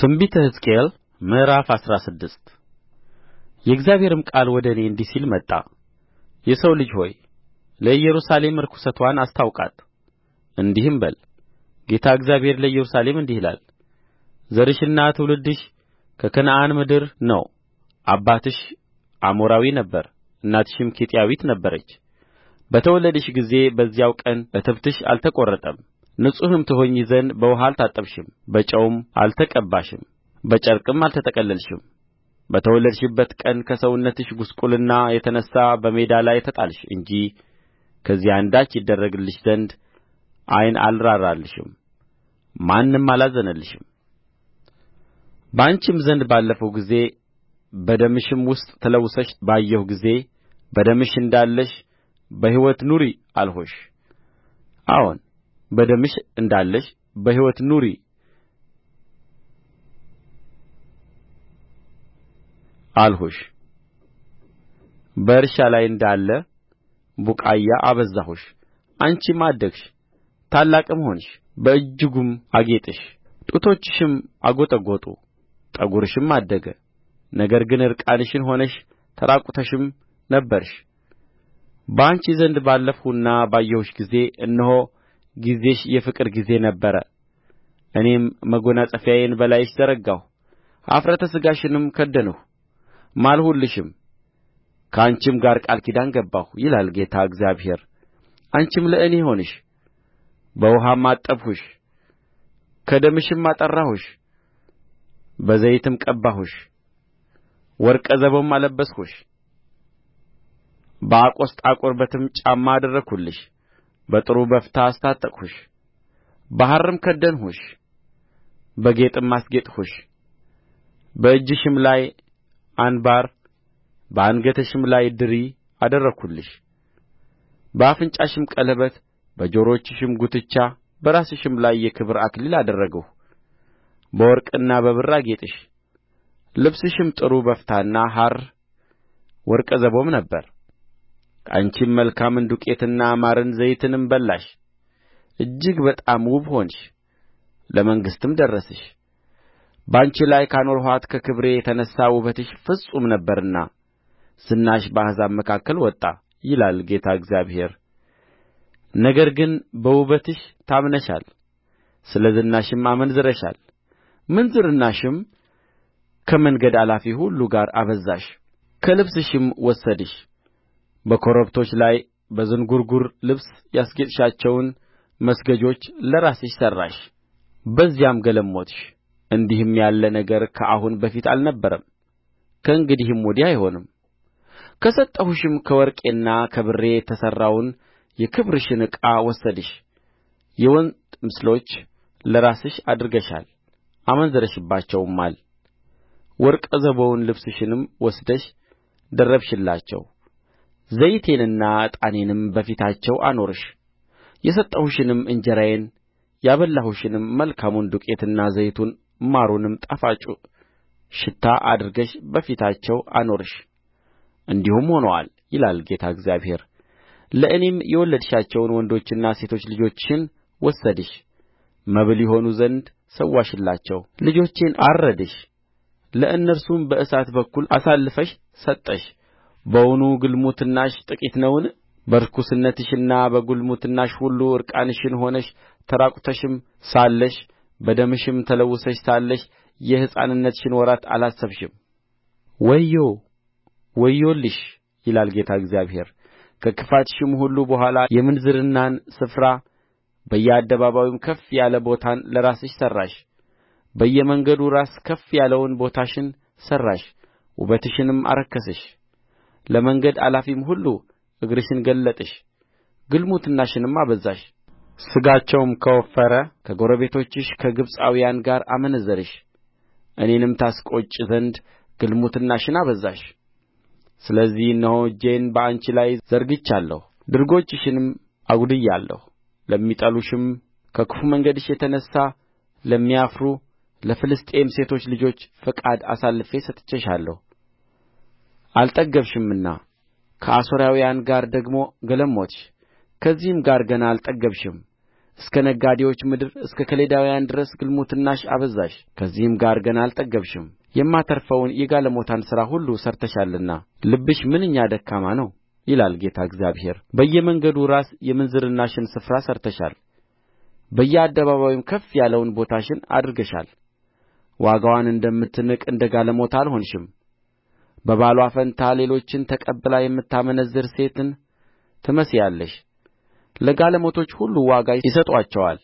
ትንቢተ ሕዝቅኤል ምዕራፍ አስራ ስድስት የእግዚአብሔርም ቃል ወደ እኔ እንዲህ ሲል መጣ የሰው ልጅ ሆይ ለኢየሩሳሌም ርኵሰትዋን አስታውቃት እንዲህም በል ጌታ እግዚአብሔር ለኢየሩሳሌም እንዲህ ይላል ዘርሽና ትውልድሽ ከከነዓን ምድር ነው አባትሽ አሞራዊ ነበረ እናትሽም ኬጢያዊት ነበረች በተወለድሽ ጊዜ በዚያው ቀን እትብትሽ አልተቈረጠም ንጹሕም ትሆኚ ዘንድ በውኃ አልታጠብሽም በጨውም አልተቀባሽም በጨርቅም አልተጠቀለልሽም በተወለድሽበት ቀን ከሰውነትሽ ጕስቍልና የተነሣ በሜዳ ላይ ተጣልሽ እንጂ ከዚህ አንዳች ይደረግልሽ ዘንድ ዓይን አልራራልሽም ማንም አላዘነልሽም በአንቺም ዘንድ ባለፍሁ ጊዜ በደምሽም ውስጥ ተለውሰሽ ባየሁ ጊዜ በደምሽ እንዳለሽ በሕይወት ኑሪ አልሁሽ አዎን በደምሽ እንዳለሽ በሕይወት ኑሪ አልሁሽ በእርሻ ላይ እንዳለ ቡቃያ አበዛሁሽ አንቺም አደግሽ ታላቅም ሆንሽ በእጅጉም አጌጥሽ ጡቶችሽም አጐጠጐጡ ጠጕርሽም አደገ ነገር ግን ዕርቃንሽን ሆነሽ ተራቁተሽም ነበርሽ በአንቺ ዘንድ ባለፍሁና ባየሁሽ ጊዜ እነሆ ጊዜሽ የፍቅር ጊዜ ነበረ እኔም መጐናጸፊያዬን በላይሽ ዘረጋሁ ኀፍረተ ሥጋሽንም ከደንሁ ማልሁልሽም ከአንቺም ጋር ቃል ኪዳን ገባሁ ይላል ጌታ እግዚአብሔር አንቺም ለእኔ ሆንሽ በውኃም አጠብሁሽ ከደምሽም አጠራሁሽ በዘይትም ቀባሁሽ ወርቀ ዘቦም አለበስሁሽ በአቆስጣ ቁርበትም ጫማ አደረግሁልሽ በጥሩ በፍታ አስታጠቅሁሽ በሐርም ከደንሁሽ በጌጥም አስጌጥሁሽ በእጅሽም ላይ አንባር በአንገትሽም ላይ ድሪ አደረግሁልሽ በአፍንጫሽም ቀለበት በጆሮችሽም ጕትቻ በራስሽም ላይ የክብር አክሊል አደረግሁ በወርቅና በብር አጌጥሽ ልብስሽም ጥሩ በፍታና ሐር ወርቀ ዘቦም ነበረ አንቺም መልካምን ዱቄትና ማርን ዘይትንም በላሽ እጅግ በጣም ውብ ሆንሽ ለመንግሥትም ደረስሽ በአንቺ ላይ ካኖርኋት ከክብሬ የተነሣ ውበትሽ ፍጹም ነበረና ዝናሽ በአሕዛብ መካከል ወጣ ይላል ጌታ እግዚአብሔር ነገር ግን በውበትሽ ታምነሻል ስለ ዝናሽም አመንዝረሻል ምንዝርናሽም ከመንገድ አላፊ ሁሉ ጋር አበዛሽ ከልብስሽም ወሰድሽ በኮረብቶች ላይ በዝንጕርጕር ልብስ ያስጌጥሻቸውን መስገጆች ለራስሽ ሠራሽ በዚያም ገለሞትሽ እንዲህም ያለ ነገር ከአሁን በፊት አልነበረም ከእንግዲህም ወዲህ አይሆንም ከሰጠሁሽም ከወርቄና ከብሬ የተሠራውን የክብርሽን ዕቃ ወሰድሽ የወንድ ምስሎች ለራስሽ አድርገሻል አመንዝረሽባቸውማል ወርቀ ዘቦውን ልብስሽንም ወስደሽ ደረብሽላቸው ዘይቴንና ዕጣኔንም በፊታቸው አኖርሽ የሰጠሁሽንም እንጀራዬን ያበላሁሽንም መልካሙን ዱቄትና ዘይቱን ማሩንም ጣፋጭ ሽታ አድርገሽ በፊታቸው አኖርሽ እንዲሁም ሆኖአል ይላል ጌታ እግዚአብሔር ለእኔም የወለድሻቸውን ወንዶችና ሴቶች ልጆችሽን ወሰድሽ መብል ይሆኑ ዘንድ ሠዋሽላቸው ልጆቼን አረድሽ ለእነርሱም በእሳት በኩል አሳልፈሽ ሰጠሽ በውኑ ግልሙትናሽ ጥቂት ነውን በርኵስነትሽና በግልሙትናሽ ሁሉ ዕርቃንሽን ሆነሽ ተራቁተሽም ሳለሽ በደምሽም ተለውሰሽ ሳለሽ የሕፃንነትሽን ወራት አላሰብሽም ወዮ ወዮልሽ ይላል ጌታ እግዚአብሔር ከክፋትሽም ሁሉ በኋላ የምንዝርናን ስፍራ በየአደባባዩም ከፍ ያለ ቦታን ለራስሽ ሠራሽ በየመንገዱ ራስ ከፍ ያለውን ቦታሽን ሠራሽ ውበትሽንም አረከስሽ ለመንገድ አላፊም ሁሉ እግርሽን ገለጥሽ ግልሙትናሽንም አበዛሽ ሥጋቸውም ከወፈረ ከጎረቤቶችሽ ከግብፃውያን ጋር አመነዘርሽ እኔንም ታስቈጭ ዘንድ ግልሙትናሽን አበዛሽ ስለዚህ እነሆ እጄን በአንቺ ላይ ዘርግቻለሁ ድርጎችሽንም አጕድያለሁ ለሚጠሉሽም ከክፉ መንገድሽ የተነሣ ለሚያፍሩ ለፍልስጥኤም ሴቶች ልጆች ፈቃድ አሳልፌ ሰጥቼሻለሁ አልጠገብሽምና ከአሦራውያን ጋር ደግሞ ገለሞትሽ ከዚህም ጋር ገና አልጠገብሽም እስከ ነጋዴዎች ምድር እስከ ከሌዳውያን ድረስ ግልሙትናሽ አበዛሽ ከዚህም ጋር ገና አልጠገብሽም የማታርፈውን የጋለሞታን ሥራ ሁሉ ሠርተሻልና ልብሽ ምንኛ ደካማ ነው ይላል ጌታ እግዚአብሔር በየመንገዱ ራስ የምንዝርናሽን ስፍራ ሠርተሻል በየአደባባዩም ከፍ ያለውን ቦታሽን አድርገሻል ዋጋዋን እንደምትንቅ እንደ ጋለሞታ አልሆንሽም በባልዋ ፋንታ ሌሎችን ተቀብላ የምታመነዝር ሴትን ትመስያለሽ ለጋለሞቶች ሁሉ ዋጋ ይሰጡአቸዋል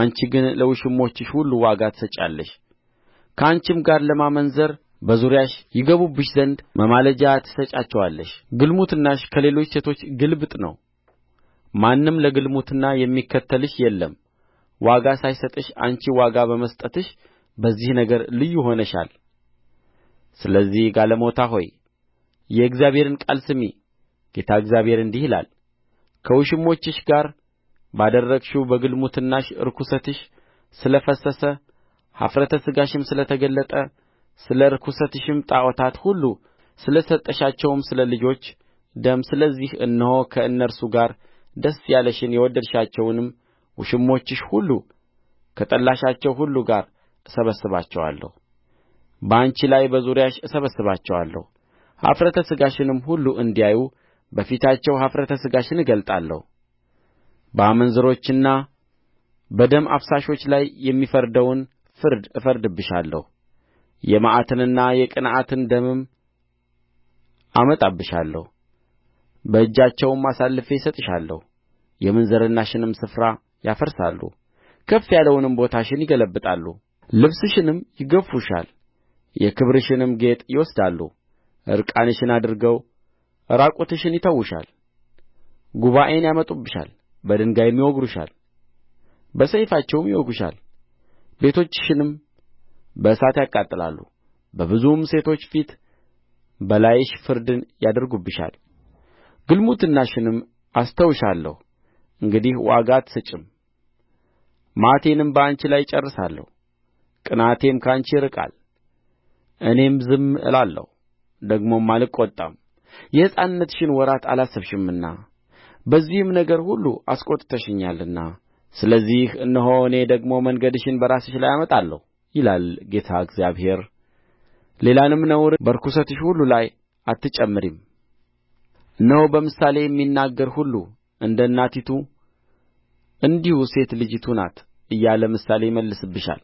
አንቺ ግን ለውሽሞችሽ ሁሉ ዋጋ ትሰጫለሽ ከአንቺም ጋር ለማመንዘር በዙሪያሽ ይገቡብሽ ዘንድ መማለጃ ትሰጫቸዋለሽ ግልሙትናሽ ከሌሎች ሴቶች ግልብጥ ነው ማንም ለግልሙትና የሚከተልሽ የለም ዋጋ ሳይሰጥሽ አንቺ ዋጋ በመስጠትሽ በዚህ ነገር ልዩ ሆነሻል ስለዚህ ጋለሞታ ሆይ የእግዚአብሔርን ቃል ስሚ ጌታ እግዚአብሔር እንዲህ ይላል ከውሽሞችሽ ጋር ባደረግሽው በግልሙትናሽ ርኵሰትሽ ስለ ፈሰሰ ኀፍረተ ሥጋሽም ስለ ተገለጠ ስለ ርኵሰትሽም ጣዖታት ሁሉ ስለ ሰጠሻቸውም ስለ ልጆች ደም ስለዚህ እነሆ ከእነርሱ ጋር ደስ ያለሽን የወደድሻቸውንም ውሽሞችሽ ሁሉ ከጠላሻቸው ሁሉ ጋር እሰበስባቸዋለሁ በአንቺ ላይ በዙሪያሽ እሰበስባቸዋለሁ ኀፍረተ ሥጋሽንም ሁሉ እንዲያዩ በፊታቸው ኀፍረተ ሥጋሽን እገልጣለሁ በአመንዝሮችና በደም አፍሳሾች ላይ የሚፈርደውን ፍርድ እፈርድብሻለሁ የመዓትንና የቅንዓትን ደምም አመጣብሻለሁ በእጃቸውም አሳልፌ እሰጥሻለሁ የምንዝርናሽንም ስፍራ ያፈርሳሉ ከፍ ያለውንም ቦታሽን ይገለብጣሉ ልብስሽንም ይገፉሻል የክብርሽንም ጌጥ ይወስዳሉ ዕርቃንሽን አድርገው ዕራቁትሽን ይተዉሻል ጉባኤን ያመጡብሻል በድንጋይም ይወግሩሻል በሰይፋቸውም ይወጉሻል ቤቶችሽንም በእሳት ያቃጥላሉ በብዙም ሴቶች ፊት በላይሽ ፍርድን ያደርጉብሻል ግልሙትናሽንም አስተውሻለሁ እንግዲህ ዋጋ አትሰጭም መዓቴንም በአንቺ ላይ እጨርሳለሁ ቅንዓቴም ከአንቺ ይርቃል እኔም ዝም እላለሁ ደግሞም አልቈጣም የሕፃንነትሽን ወራት አላሰብሽምና በዚህም ነገር ሁሉ አስቈጥተሽኛልና ስለዚህ እነሆ እኔ ደግሞ መንገድሽን በራስሽ ላይ አመጣለሁ ይላል ጌታ እግዚአብሔር ሌላንም ነውር በርኵሰትሽ ሁሉ ላይ አትጨምሪም እነሆ በምሳሌ የሚናገር ሁሉ እንደ እናቲቱ እንዲሁ ሴት ልጂቱ ናት እያለ ምሳሌ ይመልስብሻል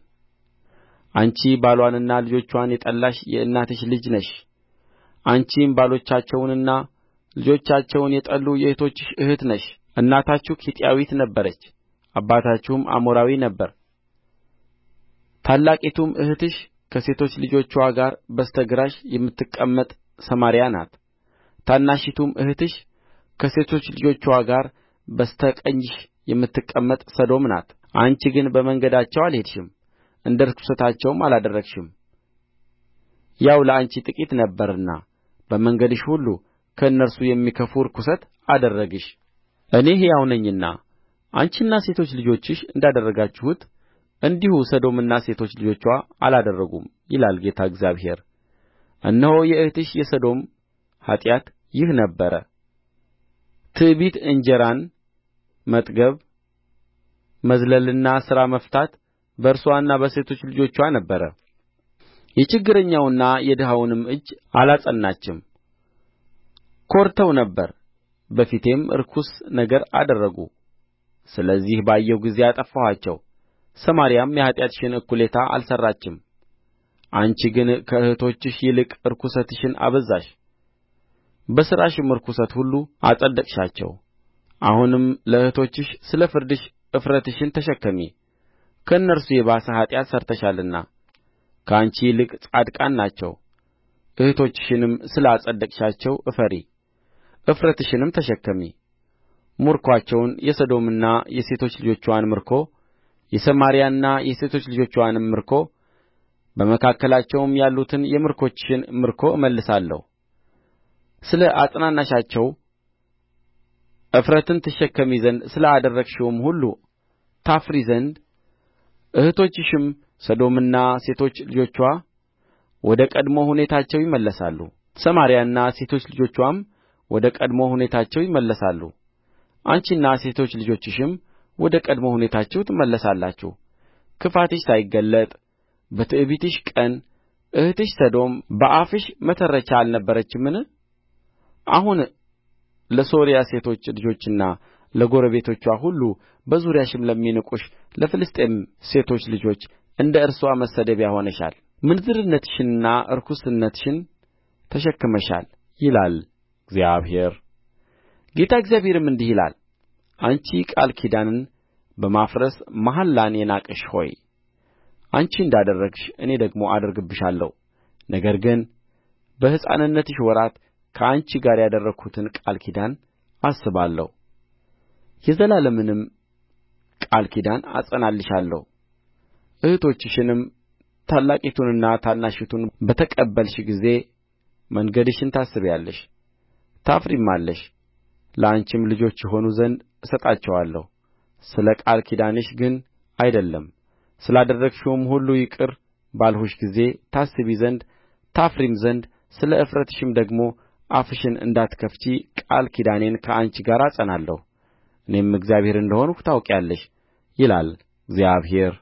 አንቺ ባልዋንና ልጆችዋን የጠላሽ የእናትሽ ልጅ ነሽ አንቺም ባሎቻቸውንና ልጆቻቸውን የጠሉ የእኅቶችሽ እኅት ነሽ እናታችሁ ኬጢያዊት ነበረች አባታችሁም አሞራዊ ነበረ ታላቂቱም እኅትሽ ከሴቶች ልጆችዋ ጋር በስተ ግራሽ የምትቀመጥ ሰማርያ ናት ታናሺቱም እኅትሽ ከሴቶች ልጆችዋ ጋር በስተ ቀኝሽ የምትቀመጥ ሰዶም ናት አንቺ ግን በመንገዳቸው አልሄድሽም እንደ ርኵሰታቸውም አላደረግሽም ያው ለአንቺ ጥቂት ነበረና በመንገድሽ ሁሉ ከእነርሱ የሚከፋ ርኵሰት አደረግሽ እኔ ሕያው ነኝና አንቺና ሴቶች ልጆችሽ እንዳደረጋችሁት እንዲሁ ሰዶምና ሴቶች ልጆችዋ አላደረጉም ይላል ጌታ እግዚአብሔር እነሆ የእኅትሽ የሰዶም ኃጢአት ይህ ነበረ ትዕቢት እንጀራን መጥገብ መዝለልና ሥራ መፍታት በእርስዋና በሴቶች ልጆችዋ ነበረ የችግረኛውንና የድሀውንም እጅ አላጸናችም ኰርተው ነበር በፊቴም ርኩስ ነገር አደረጉ ስለዚህ ባየሁ ጊዜ አጠፋኋቸው ሰማርያም የኃጢአትሽን እኵሌታ አልሠራችም አንቺ ግን ከእኅቶችሽ ይልቅ ርኵሰትሽን አበዛሽ በሥራሽም ርኵሰት ሁሉ አጸደቅሻቸው አሁንም ለእኅቶችሽ ስለ ፍርድሽ እፍረትሽን ተሸከሚ ከእነርሱ የባሰ ኃጢአት ሠርተሻልና ከአንቺ ይልቅ ጻድቃን ናቸው እኅቶችሽንም ስለ አጸደቅሻቸው እፈሪ እፍረትሽንም ተሸከሚ ምርኮአቸውን የሰዶምና የሴቶች ልጆችዋን ምርኮ የሰማርያና የሴቶች ልጆችዋንም ምርኮ በመካከላቸውም ያሉትን የምርኮኞችሽን ምርኮ እመልሳለሁ ስለ አጸናናሻቸው እፍረትን ትሸከሚ ዘንድ ስለ አደረግሽውም ሁሉ ታፍሪ ዘንድ እኅቶችሽም ሰዶምና ሴቶች ልጆችዋ ወደ ቀድሞ ሁኔታቸው ይመለሳሉ ሰማርያና ሴቶች ልጆችዋም ወደ ቀድሞ ሁኔታቸው ይመለሳሉ አንቺና ሴቶች ልጆችሽም ወደ ቀድሞ ሁኔታችሁ ትመለሳላችሁ ክፋትሽ ሳይገለጥ በትዕቢትሽ ቀን እኅትሽ ሰዶም በአፍሽ መተረቻ አልነበረችምን አሁን ለሶርያ ሴቶች ልጆችና ለጎረቤቶችዋ ሁሉ በዙሪያሽም ለሚንቁሽ ለፍልስጥኤም ሴቶች ልጆች እንደ እርስዋ መሰደቢያ ሆነሻል ምንዝርነትሽንና ርኵስነትሽን ተሸክመሻል ይላል እግዚአብሔር ጌታ እግዚአብሔርም እንዲህ ይላል አንቺ ቃል ኪዳንን በማፍረስ መሐላን የናቅሽ ሆይ አንቺ እንዳደረግሽ እኔ ደግሞ አደርግብሻለሁ ነገር ግን በሕፃንነትሽ ወራት ከአንቺ ጋር ያደረግሁትን ቃል ኪዳን አስባለሁ የዘላለምንም ቃል ኪዳን አጸናልሻለሁ እኅቶችሽንም ታላቂቱንና ታናሺቱን በተቀበልሽ ጊዜ መንገድሽን ታስቢያለሽ ታፍሪማለሽ ለአንቺም ልጆች ይሆኑ ዘንድ እሰጣቸዋለሁ ስለ ቃል ኪዳንሽ ግን አይደለም ስላደረግሽውም ሁሉ ይቅር ባልሁሽ ጊዜ ታስቢ ዘንድ ታፍሪም ዘንድ ስለ እፍረትሽም ደግሞ አፍሽን እንዳትከፍቺ ቃል ኪዳኔን ከአንቺ ጋር አጸናለሁ እኔም እግዚአብሔር እንደ ሆንሁ ታውቂያለሽ ይላል እግዚአብሔር